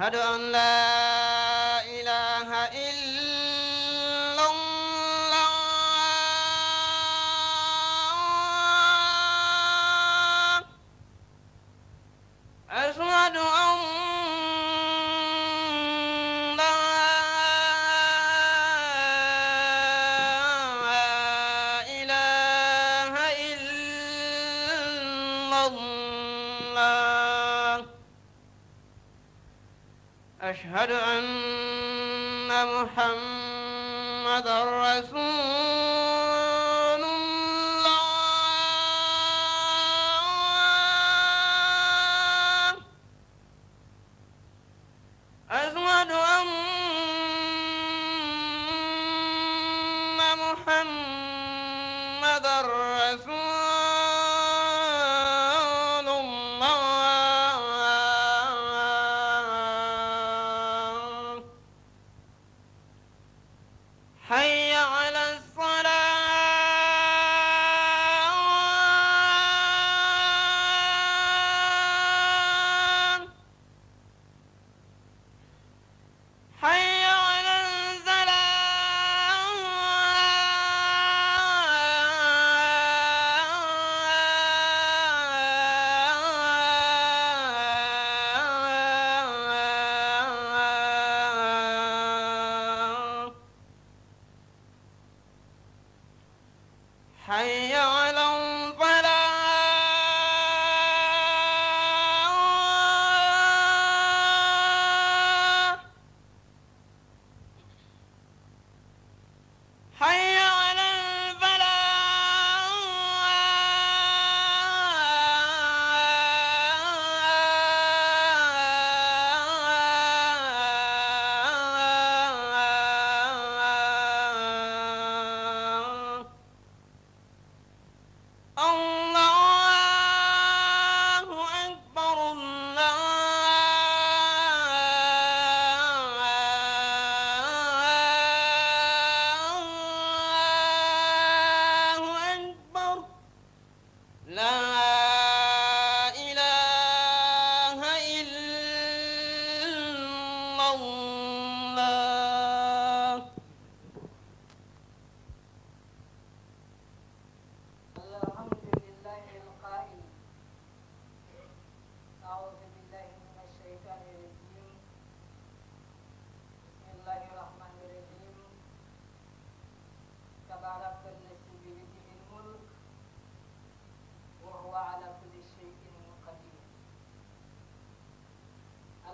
أشهد أن لا أشهد أن محمد رسول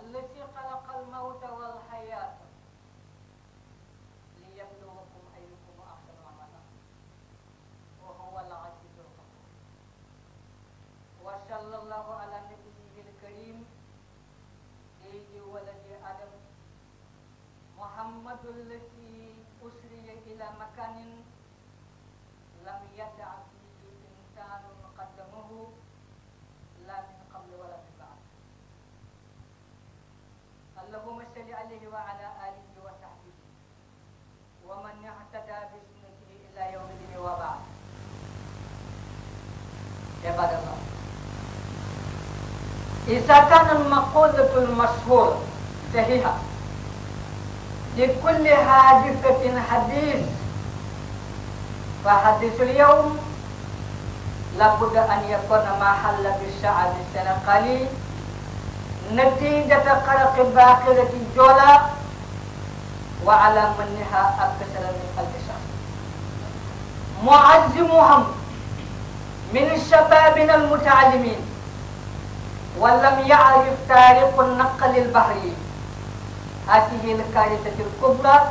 الذي خلق الموت والحياة ليبلوكم أيكم أحسن عملا وهو العزيز الغفور وصلى الله على نبيه الكريم سيد ولد آدم محمد الذي أسري إلى مكان لم يدع فيه إنسان قدمه لم اللهم صل عليه وعلى آله وصحبه ومن اهتدى بسنته إلى يوم الدين وبعد عباد الله إذا كان المقولة المشهورة صحيحة لكل حادثة حديث فحديث اليوم لابد أن يكون محل بالشعب قليل نتيجة قلق باقلة الجولا وعلى منها أكثر من قلب شخص معزمهم من الشباب المتعلمين ولم يعرف تاريخ النقل البحري هذه الكارثة الكبرى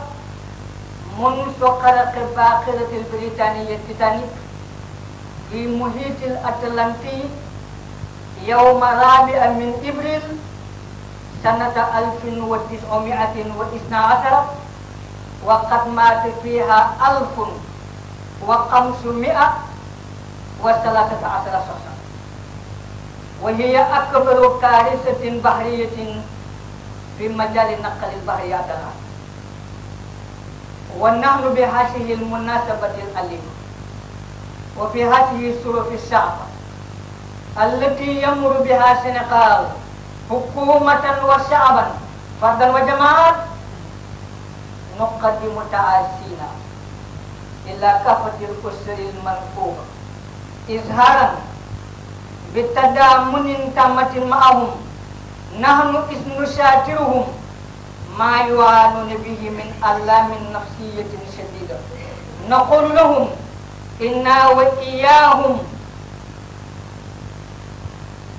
منذ قلق باقلة البريطانية التيتانيك في محيط الأطلنطي يوم رابع من إبريل سنة 1912 وقد مات فيها 1500 وثلاثة عشر شخصا وهي أكبر كارثة بحرية في مجال النقل البحري الآن ونحن بهذه المناسبة الأليمة وفي هذه الظروف الشعبة التي يمر بها سنغال حكومة وشعبا فردا وجماعة نقدم تعاسينا إلى كافة الأسر المنكوبة إظهارا بتدامن تامة معهم نحن إذ نشاكرهم ما يعانون به من ألام نفسية شديدة نقول لهم إنا وإياهم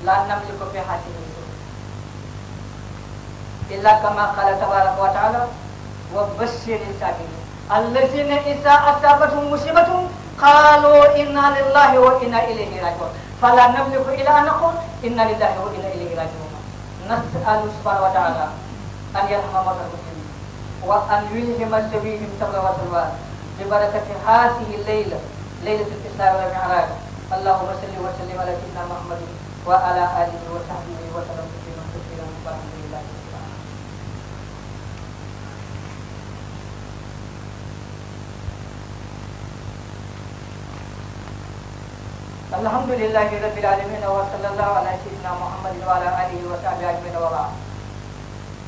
لا نملك في حياته إلا كما قال تبارك وتعالى وبشر الصابرين الذين إذا أصابتهم مصيبة قالوا إنا لله وإنا إليه راجعون فلا نملك إلا أن نقول إنا لله وإنا إليه راجعون نسأل سبحانه وتعالى أن يرحم موتى المسلمين وأن يلهم سبيلهم صبر وسلوان ببركة هذه الليلة ليلة الإسلام والمعراج اللهم صل وسلم على سيدنا محمد وعلى آله وصحبه وسلم تسليما كثيرا والحمد لله الحمد لله رب العالمين وصلى الله على سيدنا محمد وعلى آله وصحبه أجمعين وبعد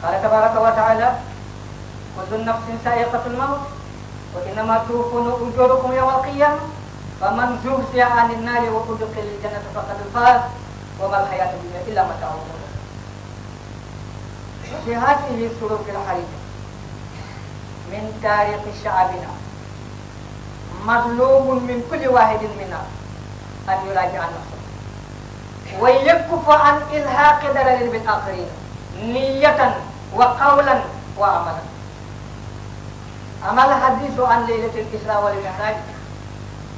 قال تبارك وتعالى كل نفس سائقة الموت وإنما توفون أجوركم يوم القيامة فمن زهزح عن النار وأدخل الجنة فقد فاز وما الحياة الدنيا إلا متاع الغرور في هذه السلوك الحرجة من تاريخ شعبنا مطلوب من كل واحد منا أن يراجع نفسه ويكف عن إلهاق ضرر بالآخرين نية وقولا وعملا أما الحديث عن ليلة الإسراء والمعراج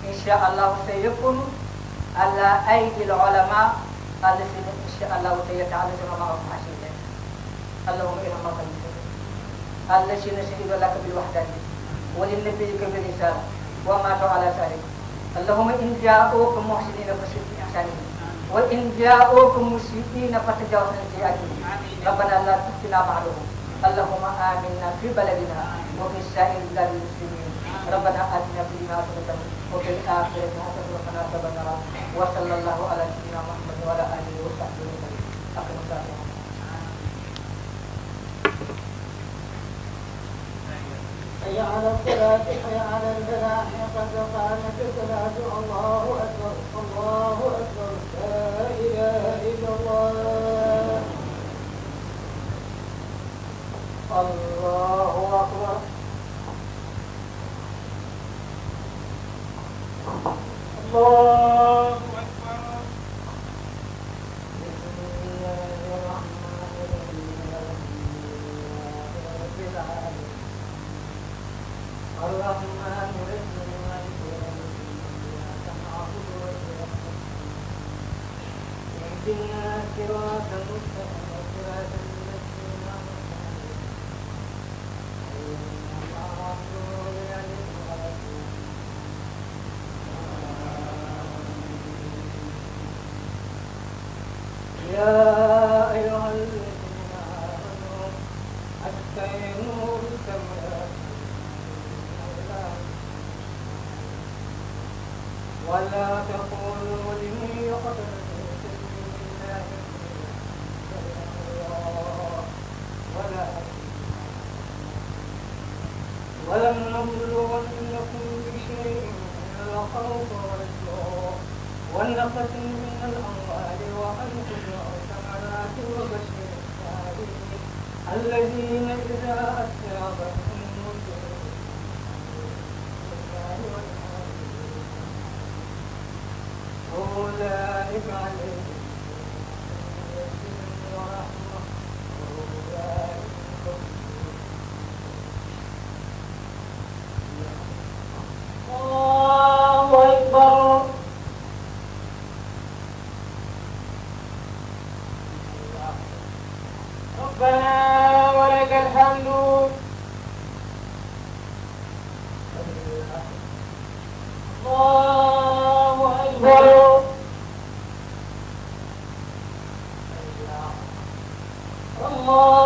إن شاء الله سيكون على أيدي العلماء قال إن شاء الله وتيتعالى كما معهم عشيرة اللهم إن الله قلبك قال لي نشهد لك بالوحدانية ولنبيك بالرسالة وماتوا على ذلك اللهم إن جاءوكم محسنين فاشهد بإحسانهم وإن جاءوكم مسيئين فتجاوز سيئاتهم ربنا لا تفتنا بعدهم اللهم آمنا في بلدنا وفي سائر بلاد المسلمين ربنا آتنا في ما وفي الآخرة حسنة وقنا عذاب النار وصلى الله على سيدنا محمد ولا أهلي وسع ذنوبي أقم حي على الصلاة حي على الفلاح قد قامت الصلاة الله أكبر الله أكبر لا إله إلا الله الله أكبر ولم ولنبلونكم بشيء من الخوف والجوع ونقص من الأموال وأنفس والثمرات وبشر الصابرين الذين إذا أصابتهم مصيبة أولئك عليهم し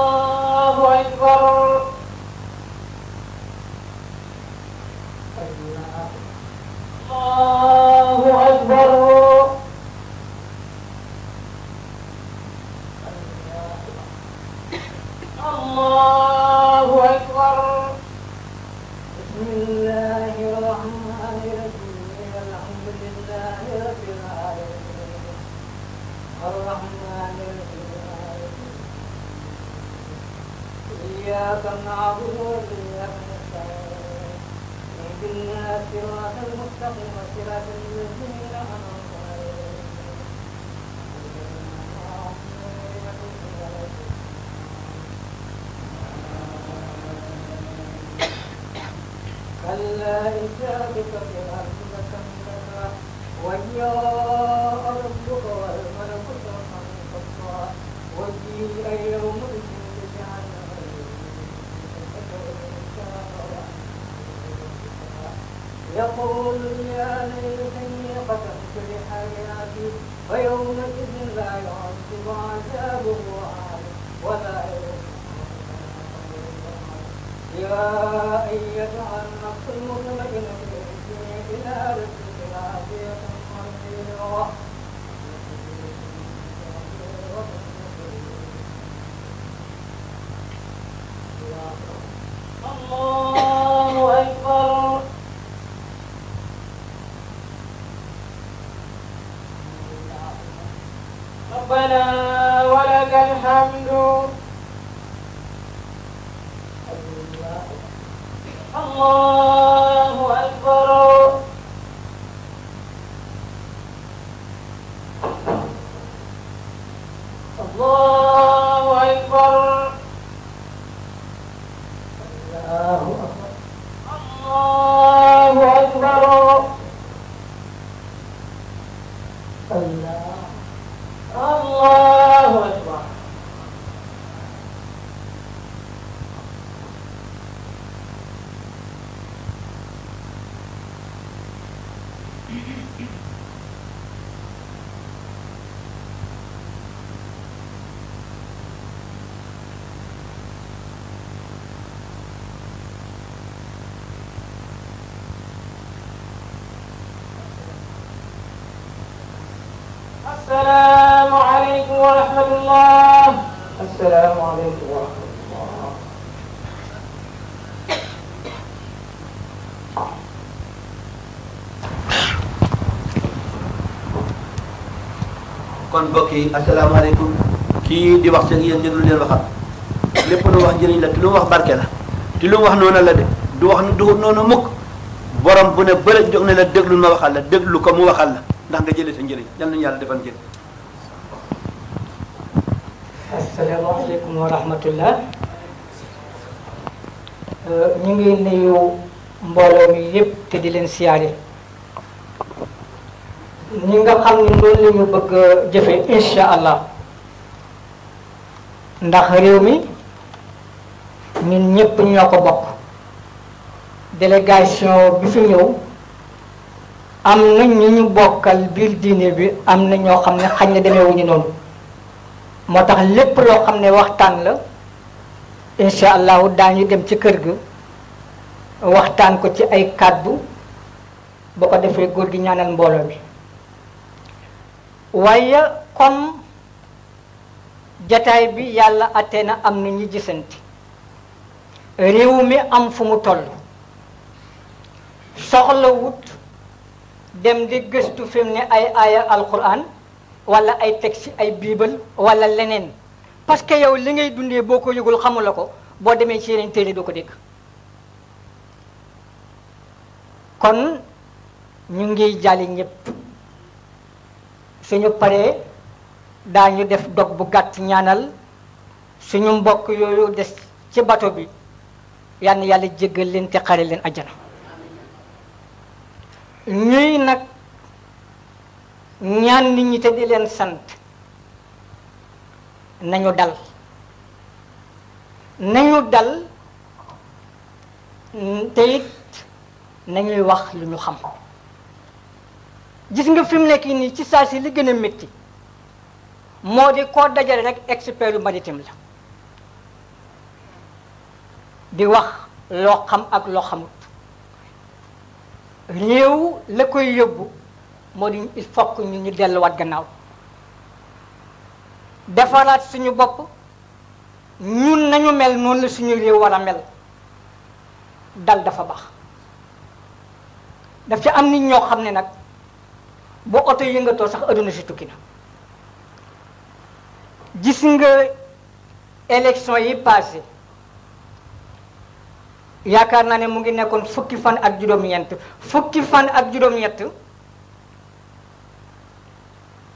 شاء ربك والملك شرحا غير ملك جعلنا يقول يا ليتني قدمت لحياتي فيومئذ لا يعذب عذابه احد ولا يا أيتها النفس المطمئنة ارجعي إلى ربك الله أكبر ربنا ولك الحمد الله أكبر الله السلام عليكم ورحمة الله kon mbokk yi asalaamaaleykum kii di wax seen yéen ñu leen waxal lépp lu wax njëriñ la te lu wax barke la te lu wax noonu la de du wax du noonu mukk borom bu ne bëre jóg ne la déglu ma waxal la déglu ko mu waxal la ndax nga jëlee sa njëriñ yal nañu yàlla defal njëriñ asalaamaaleykum wa rahmatullah euh, ñu ngi nuyu mbooloo mi yëpp te di leen siyaare ñi nga xam ne noonu la bëgg jëfe incha allah ndax réew mi ñun ñëpp ñoo ko bokk délégation bi fi ñëw am na ñu ñu bokkal biir diine bi am na ñoo xam ne xañ na demeewuñu noonu moo tax lépp loo xam ne waxtaan la incha allahu daañu dem ci kër ga waxtaan ko ci ay kàddu ba ko defee góor gi ñaanal mbooloo bi waaye kon jataay bi yàlla atee na am na ñu gisanti réew mi am fu mu toll soxla wut dem di gëstu fi mu ne ay aaya alquran wala ay teg ci ay biibal wala leneen parce que yow li ngay dundee boo ko yëgul xamula ko boo demee ci yeneen téere doo ko dégg kon ñu ngi jàlli ñëpp suñu paree daañu def dog bu gàtt ñaanal suñu mbokk yooyu des ci bato bi yal yàlla jéggal leen te xare leen ajjana ñuy nag ñaan nit ñi te di leen sant nañu dal nañu dal te it nañuy wax lu ñu xam ko gis nga fi mu nekk nii ci saa si li gën a métti moo di koo dajale rek expert yu maritime la di wax loo xam ak loo xamut réew la koy yóbbu moo di il faut ñu ñu delluwaat gannaaw defaraat suñu bopp ñun nañu mel noonu la suñu réew war a mel dal dafa baax def ci am nit ñoo xam ne nag bu oto yëngatoo sax adduna si tukki na gis nga élection yi passé yaakaar naa ne mu ngi nekkoon fukki fan ak juróom-ñeent fukki fan ak juróom-ñett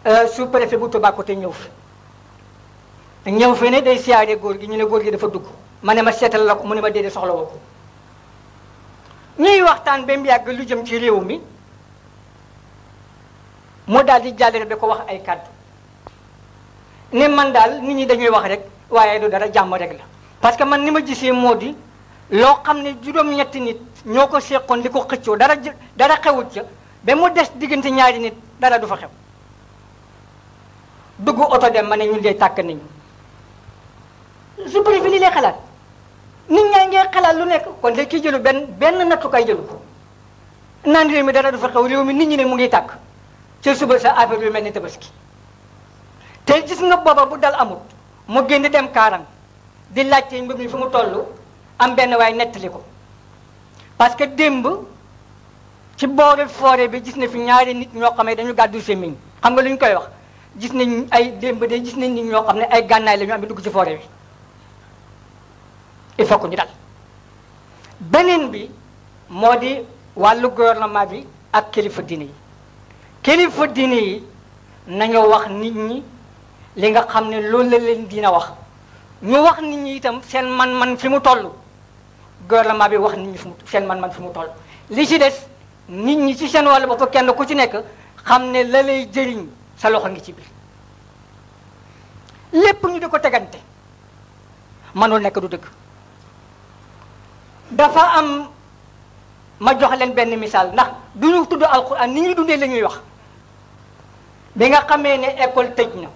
Euh, su préfet bu Toubacouta ñëw fi ñëw fi ne day siyaare góor gi ñu ne góor gi dafa dugg ma ne ma seetal la ko mu ne ma déedéet soxla woo ko ñuy waxtaan ba mu yàgg lu jëm ci réew mi mu daal di jàllale ba ko wax ay kàddu ne man daal nit ñi dañuy wax rek waaye du dara jàmm rek la. parce que man ni ma gisee moo di loo xam ne juróom-ñetti nit ñoo ko seqoon li ko xëccoo dara jë dara xewut ca ba mu des diggante ñaari nit dara du fa xew. dugg oto dem ma ne ñun dee tàkk nañu supari fi lii lay xalaat nit ñaa ngee xalaat lu nekk kon de ki jëlu benn benn nattukaay jëlu naan réew mi dara du fa xew réew mi nit ñi ne mu ngi tàkk ci suba sa affaire yu mel ni ki te gis nga booba bu dal amut mu génn dem kaaram di laajte mbir mi fu mu tollu am benn waaye nettali ko parce que démb ci boori foore bi gis na fi ñaari nit ñoo xam ne dañu gàddu semiñ xam nga lu ñu koy wax gis nañ ay démb gis nañ nit ñoo xam ne ay gànnaay la ñu am dugg ci forêt bi il faut que dal beneen bi moo di wàllu gouvernement bi ak kilifa diine yi kilifa diine yi nañoo wax nit ñi li nga xam ne loolu la leen dina wax ñu wax nit ñi itam seen man-man fi mu toll gouvernement bi wax nit ñi fi mu seen man-man fi mu toll li ci des nit ñi ci seen wàllu bopp kenn ku ci nekk xam ne la lay jëriñ sa loxo ngi ci biir lépp ñu di ko tegante mënul nekk du dëgg dafa am ma jox leen benn misaal ndax du ñu tudd alxuraan ni ñuy dundee la wax bi nga xamee ne école tëj na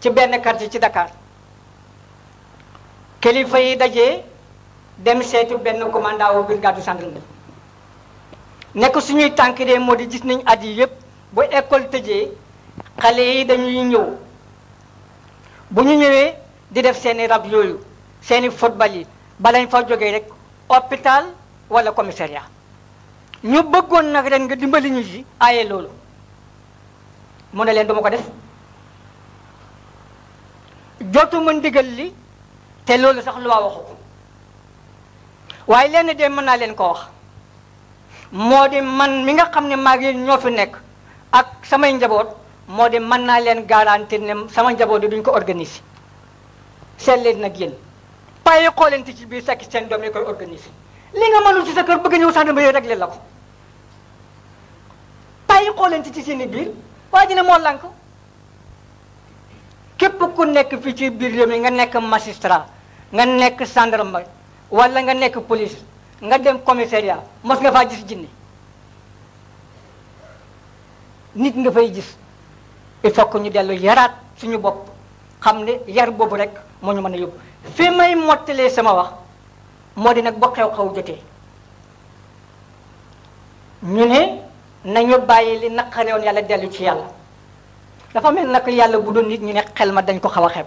ci benn quartier ci Dakar kilifa yi dajee dem seetu benn commandant wu brigade gendarmerie nekk suñuy tànk dee moo di gis nañ at yi yépp bu école tëjee xale yi dañuy ñëw bu ñu ñëwee di def seeni rab yooyu seeni football yi balañ fa jógee rek hôpital wala commissariat ñu bëggoon nag ren nga dimbali ñu ci aaye loolu mu ne leen duma ko def jotuma ndigal li te loolu sax lu waa waxu waaye lenn de mën naa leen ko wax moo di man mi nga xam ne maa ngi ñoo fi nekk ak samay njaboot moo de man naa leen garantir ne sama njaboot yi duñ ko organiser seen leen nag yéen payi ti ci biir sakki seen doom yi koy organiser li nga mënul ci sa kër bëgg ñëw sax dama yooyu réglé la ko payi xoolante ci seen i biir waa dina moo lank képp ku nekk fii ci biir réew mi nga nekk magistrat nga nekk gendarme walla nga nekk police nga dem commissariat mos nga faa gis jinne nit nga fay gis il faut que ñu dellu yaraat suñu bopp xam ne yar boobu rek moo ñu mën a yóbbu fi may mottalee sama wax moo di nag ba xew-xew jotee ñu ne nañu bàyyi li naqareewoon yàlla dellu ci yàlla dafa mel nag yàlla bu doon nit ñi ne xel ma dañ ko xaw a xeeb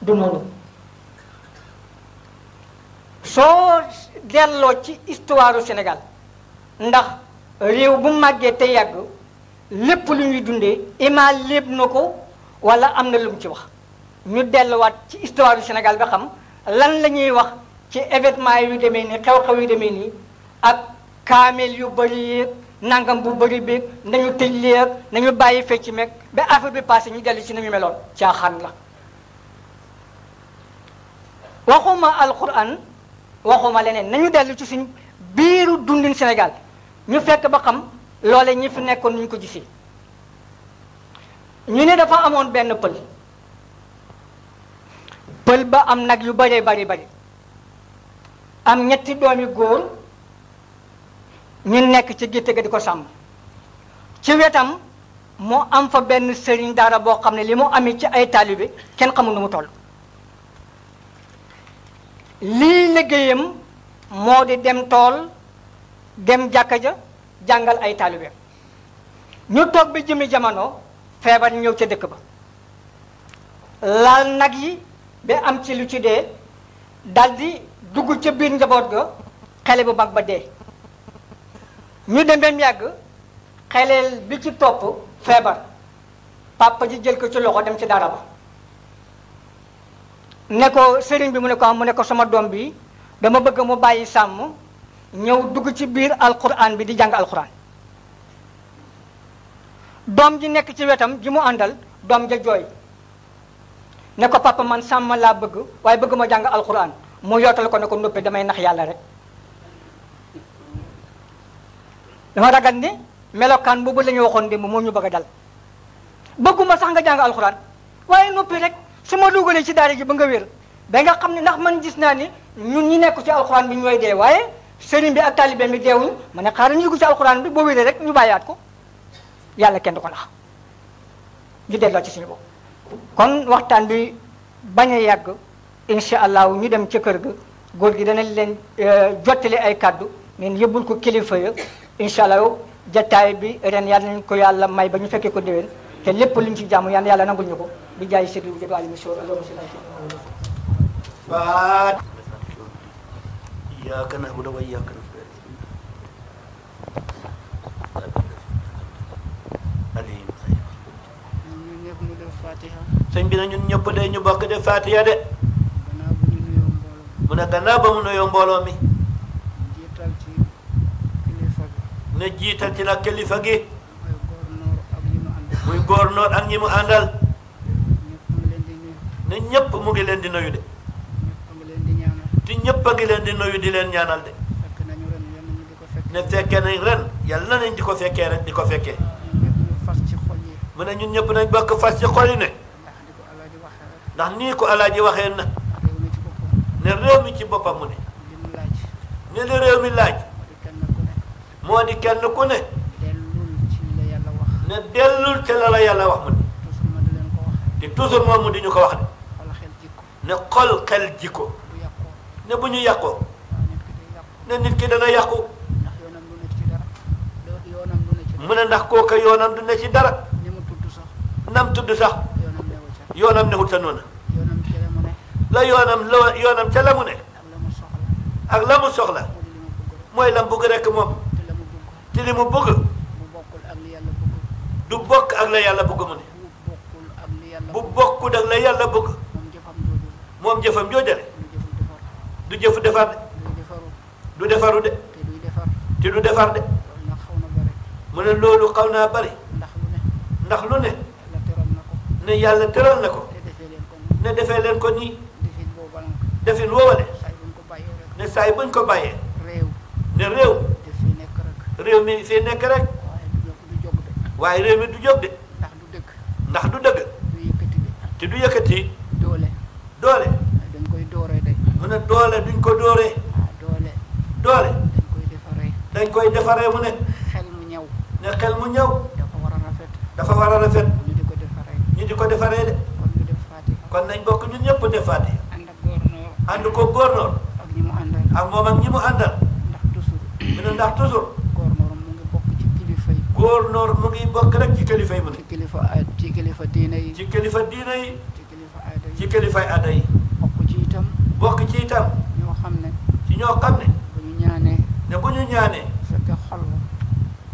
du noonu soo delloo ci histoire du Sénégal ndax réew bu màggee te yàgg lépp lu ñuy dundee ima léeb na ko wala am na lu mu ci wax ñu delluwaat ci histoire du Sénégal ba xam lan la ñuy wax ci événement yu demee nii xew-xew yu demee nii ak kaamel yu bëri yéeg nangam bu bëri beeg nañu tëj leeg nañu bàyyi fecc meeg ba affaire bi passé ñu dellu ci nañu meloon caaxaan la waxuma alquran waxuma leneen nañu dellu ci suñ biiru dundin Sénégal ñu fekk ba xam loole ñi fi nekkoon ñu ko gisee ñu ne dafa amoon benn pël pël ba am nag yu bëree bari bari am ñetti doomi góor ñu nekk ci gétt ga di ko sàmm ci wetam moo am fa benn sëriñ daara boo xam ne li mu amee ci ay taalibe kenn xamul nu mu toll lii liggéeyam moo di dem tool dem jàkka ja jàngal ay taalibeem ñu toog bi jëmi jamono feebar ñëw ca dëkk ba laal nag yi ba am ci lu ci dee daldi dugg ca biir njaboot ga xele bu mag ba dee ñu dem bem yàgg xeleel bi ci topp feebar papa ji jël ko ci loxo dem ci dara ba ne ko sëriñ bi mu ne ko am mu ne ko sama doom bi dama bëgg mu bàyyi sàmm ñëw dugg ci biir alquran bi di al alquran doom ji nekk ci wetam ji mu àndal doom ja jooy ne ko papa man sàmm laa bëgg waaye bëgg ma jàng alquran mu yootal ko ne ko noppi damay nax yàlla rek dama ragal ni al boobu la ñu waxoon démb moo ñu bëgg a dal bëgguma sax nga jàng alquran waaye noppi rek su ma ci daara ji ba nga ba nga ndax man gis ni ñun ñi nekk ci alquran bi sëriñ e, bi ak taalibeem bi deewuñu ma ne xaaral ñu dugg si alxuraan bi boo wéree rek ñu bàyyiwaat ko yàlla kenn du ko nax ñu delloo ci suñu bopp. kon waxtaan bi bañ a yàgg incha allah ñu dem ca kër ga góor gi danañ leen jottali ay kàddu ngeen yëbbul ko kilifa ya incha allah bi ren yàlla nañ ko yàlla may ba ñu fekkee ko déwén te lépp luñ ci jàmm yàlla nangul ñu bi jaay séddu jëdu alim sor allahumma salli إياك نعبد وإياك نستعين alim sëñ bi na ñun ñëpp de ñu bokk de Fatiha de mu ne gannaaw ba mu nuyoo mbooloo mi ne jiital ci nag kilifa gi muy góor ak ñi mu àndal ne ñëpp mu ngi leen di nuyu de te ñëpp a ngi leen di nuyu di leen ñaanal de. ne fekkee nañ ren yàlla nañ di ko fekkee rek di ko fekkee. mu ne ñu ñëpp nañ bokk fas ci xol yi ne. ndax nii ko alaaji waxee nag. ne réew mi ci boppam mu ne. ne li réew mi laaj. moo di kenn ku ne. ne dellul ci la la yàlla wax mu ne. te toujours moom mu di ñu ko wax de. ne xol xel jikko. ne bu ñu yàqoo ne nit ki dana yàqu mu ne ndax kooka yoonam du ne ci dara nam tudd sax yoonam newut sa noona la yoonam la yoonam ca la mu ne ak la mu soxla mooy lam bëgg rekk moom te li mu bëgg du bokk ak la yàlla bëgg mu ne bu bokkul ak la yàlla bëgg moom jëfam joojale du jëfu defar de. du defaru de. te du defar de. mu ne loolu xaw naa bari. ndax lu ne. ne yàlla tëral na ko. ne defee leen ko nii. defin woowale. ne saa yi buñ ko bàyyee. ne réew. réew mi fii nekk rek. waaye réew mi du jóg de. ndax du dëgg. ndax du dëgg. te du yëkkati. doole. mu ne doole duñ ko dóoree. waaw ah, doole. doole. dañ koy defaree. dañ koy defaree mu ne. xel mu ñëw. ne xel mu ñëw. dafa war a rafet. dafa war a rafet. ñu di ko defaree. ñu di ko defaree de. kon dañ def Fatiha. kon bokk ñun ñëpp def Fatiha. ànd ak góornoor. ànd ko góornoor. ak ñi mu àndal. ak moom ak ñi mu àndal. ndax toujours. mu ne ndax toujours. góornoor mu ngi bokk ci kilifa yi. góornoor mu ngi bokk rek ci kilifa yi ne. ci kilifa ci kilifa diine yi. ci kilifa diine yi. ci kilifa aada yi. ci kilifay aada yi. bokk ci itam. ñoo xam ne. ci ñoo xam ne. bu ñu ñaanee. ne bu ñu ñaanee. bu fekkee xol ba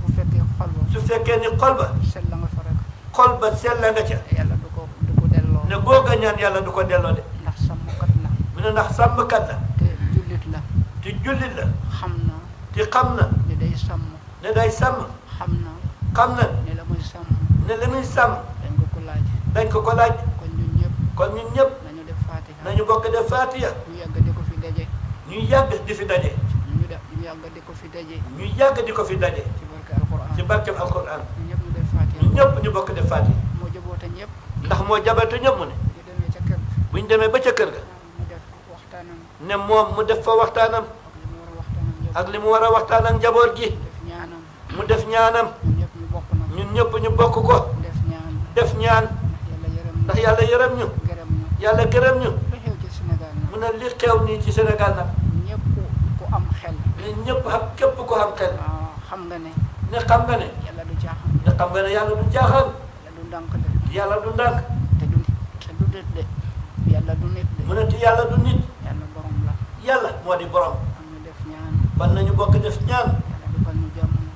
bu fekkee xol ba. su fekkee ni xol ba. sell nga fa rek. xol ba sell nga ca. yàlla du ko du ko delloo. ne googa ñaan yàlla du ko delloo de. ndax sàmmkat la. mu ne ndax sàmmkat la. te jullit la. te jullit la. xam na. te xam na. ne day sàmm. ne day sàmm. xam na. xam na. ne la muy sàmm. ne la muy sàmm. dañ ko ko laaj. dañ ko ko laaj. kon ñun ñëpp. kon ñun ñëpp. nañu bokk def fatiha ñu yàgg di ko fi daje ñu yàgg di fi daje ñu def ñu yàgg di ko fi daje ñu yàgg di ko fi daje ci barke alquran ci barke alquran ñu ñëpp ñu def fatiha ñu ñëpp ñu bokk def fatiha moo jaboota ñëpp ndax moo jaboota ñëpp mu ne bu demee ca kër buñ demee ba ca kër ga ne moom mu def fa waxtaanam ak li mu war a waxtaan ak njaboot gi mu def ñaanam ñun ñëpp ñu bokk ko def ñaan ndax yàlla yërëm ñu yàlla gërëm ñu mu ne li xew nii ci Sénégal nag. ñëpp ku am xel. ne ñëpp xam képp ko am xel. xam nga ne. ne xam nga ne. yàlla du jaaxal. ne xam nga ne yàlla du jaaxal. yàlla du ndànk de. yàlla du ndànk. te du te mu ne te yàlla du nit. yàlla borom la. yàlla moo di borom. am na def ñaan. ban nañu bokk def ñaan.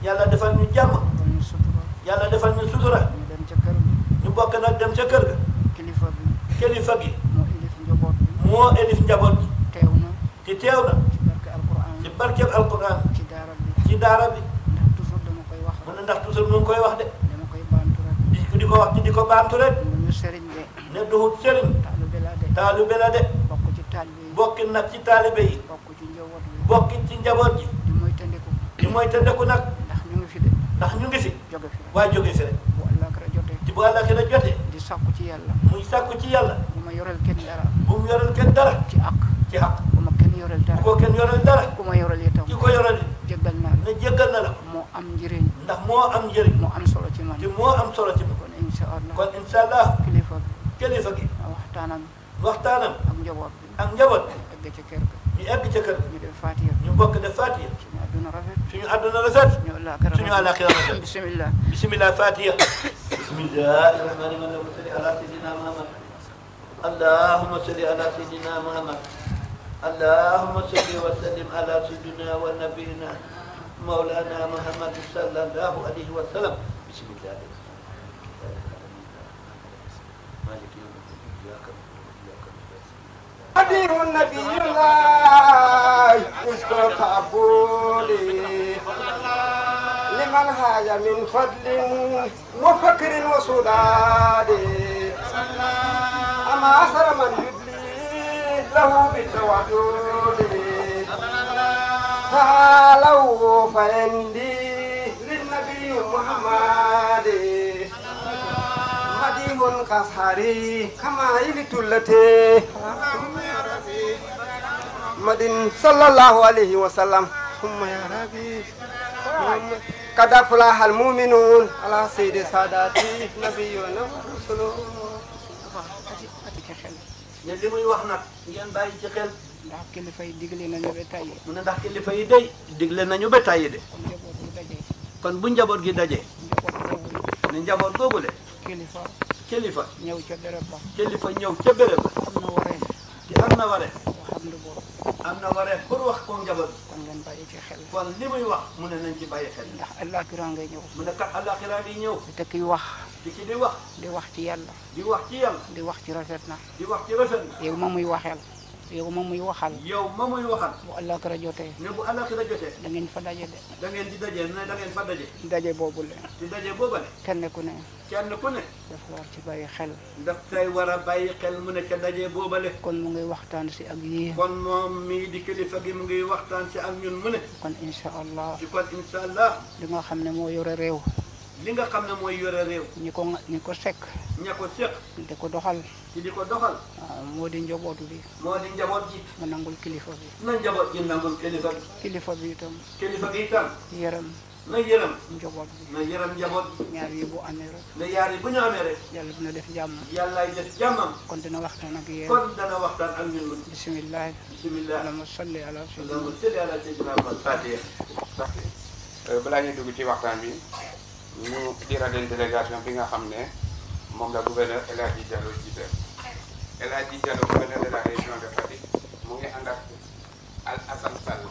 yàlla defal ñu jàmm. yàlla defal ñu sutura. ñu dem ca kër gi. ñu bokk nag dem ca kë ga. kilifa gi. gi. moo elif njaboot bi teew na ci teew na ci barkeb alquran ci daara bi ci daara bi ndax toujours dama koy wax mu ne ndax toujours mu ngi koy wax de dama koy baantu rek di ko wax di ko baantu rek ñu sëriñ de ne duhut sëriñ taalube la de taalube la de bokk ci taalibe yi bokk nag ci taalibe yi bokk ci njaboot yi bokk ci njaboot ji di mooy tëndeku di mooy tëndeku nag ndax ñu ngi fi de ndax ñu ngi fi jóge fi waaye jóge fi rek bu àllaaxira jotee ci bu àllaaxira jotee di sàkku ci yàlla muy sàkku ci yàlla mu ma yoreel kenn dara كم يرى الكدرة تحق تحق وما كم يرى الدرة كو كم يرى الدرة كما يرى اليتم كو يرى جغلنا لا جغلنا لا مو ام جيرين لا مو ام جيرين مو ام سولو تي مان مو ام سولو تي كون ان شاء الله كون ان شاء الله كليفا كليفا كي waxtaanam waxtaanam ak njaboot ak njaboot ñu egg ca kër ga ñu egg ca kër ñu def fatiha ñu bokk def fatiha suñu àdduna rafet suñu àdduna rafet suñu alaxira rafet bismillah bismillah fatiha bismillah rahmani rahim ala sayyidina muhammad اللهم صل على سيدنا محمد اللهم صل وسلم على سيدنا ونبينا مولانا محمد صلى الله عليه وسلم بسم الله مالك يوم الدين اياك نعبد واياك نستعين قدير الله استرق عبودي لمن هاج من فضل وفكر وسداد معشر من يدلي له مثل وعدوني تعالوا فعندي للنبي محمد مديه كصحري كما يلت التي محمد صلى الله عليه وسلم ثم يا ربي قد افلح المؤمنون على سيد ساداتي نبينا ورسوله waaw ati muy wax nag ngeen bàyyi ci xel. ndax kilifa yi digle nañu ba tàyyi. kilifa yi day digle nañu ba tàyyi kon gi daje. kon bu njaboot gi daje. njaboot googu ne njaboot googu de. kilifa. kilifa ñëw ca béréb ba. kilifa ñëw ca béréb ba. am na wareef. na wareef. am na wareef pour wax ko njaboot kon ngeen bàyyi ci xel kon li muy wax mu ne nañ ci bàyyi xel ndax àllaaxira ngay ñëw mu ne kat àllaaxira ngay ñëw te kiy wax di ki di wax di wax ci yàlla di wax ci yàlla di wax ci rafet na di wax ci rafet na yow ma muy waxeel yow ma muy waxal. yow ma muy waxal. bu àllaaxira jotee. ne bu àllaaxira jotee. da ngeen fa daje de. da ngeen di daje ne da ngeen fa daje. daje boobu la. di daje boobu la. kenn ku ne. kenn ku ne. dafa war ci bàyyi xel. daf tay war a bàyyi xel mu ne ca daje boobu la. kon mu ngi waxtaan si ak yéen. kon moom mii di kilifa gi mu ngi waxtaan si ak ñun mu ne. kon incha allah. kon incha allah. li nga xam ne moo yore réew. li nga xam ne mooy yore réew. ñi ko ñi ko sekk. ña ko sekk. di ko doxal. di ko doxal. waaw moo di njaboot bi. moo di njaboot ji. mu nangul kilifa bi. na njaboot ji kilifa bi. kilifa itam. kilifa bi itam. yërëm. na yërëm. njaboot bi. njaboot ñaar yi bu amee rek. na yaar yi bu ñu amee rek. yàlla dina def jàmm. yàllaay def jàmmam. kon dina waxtaan ak yéen. kon dana waxtaan ak ñun. bisimilah. bisimilah allahumma salli ala sayyidina. allahumma salli euh, balaa ñuy dugg ci waxtaan bi ñu xiral leen délégation bi nga xam ne moom la gouverneur El jalo Diallo jiite El Hadji Diallo gouverneur de la région de Fatick mu ngi ànd Al Assane Sall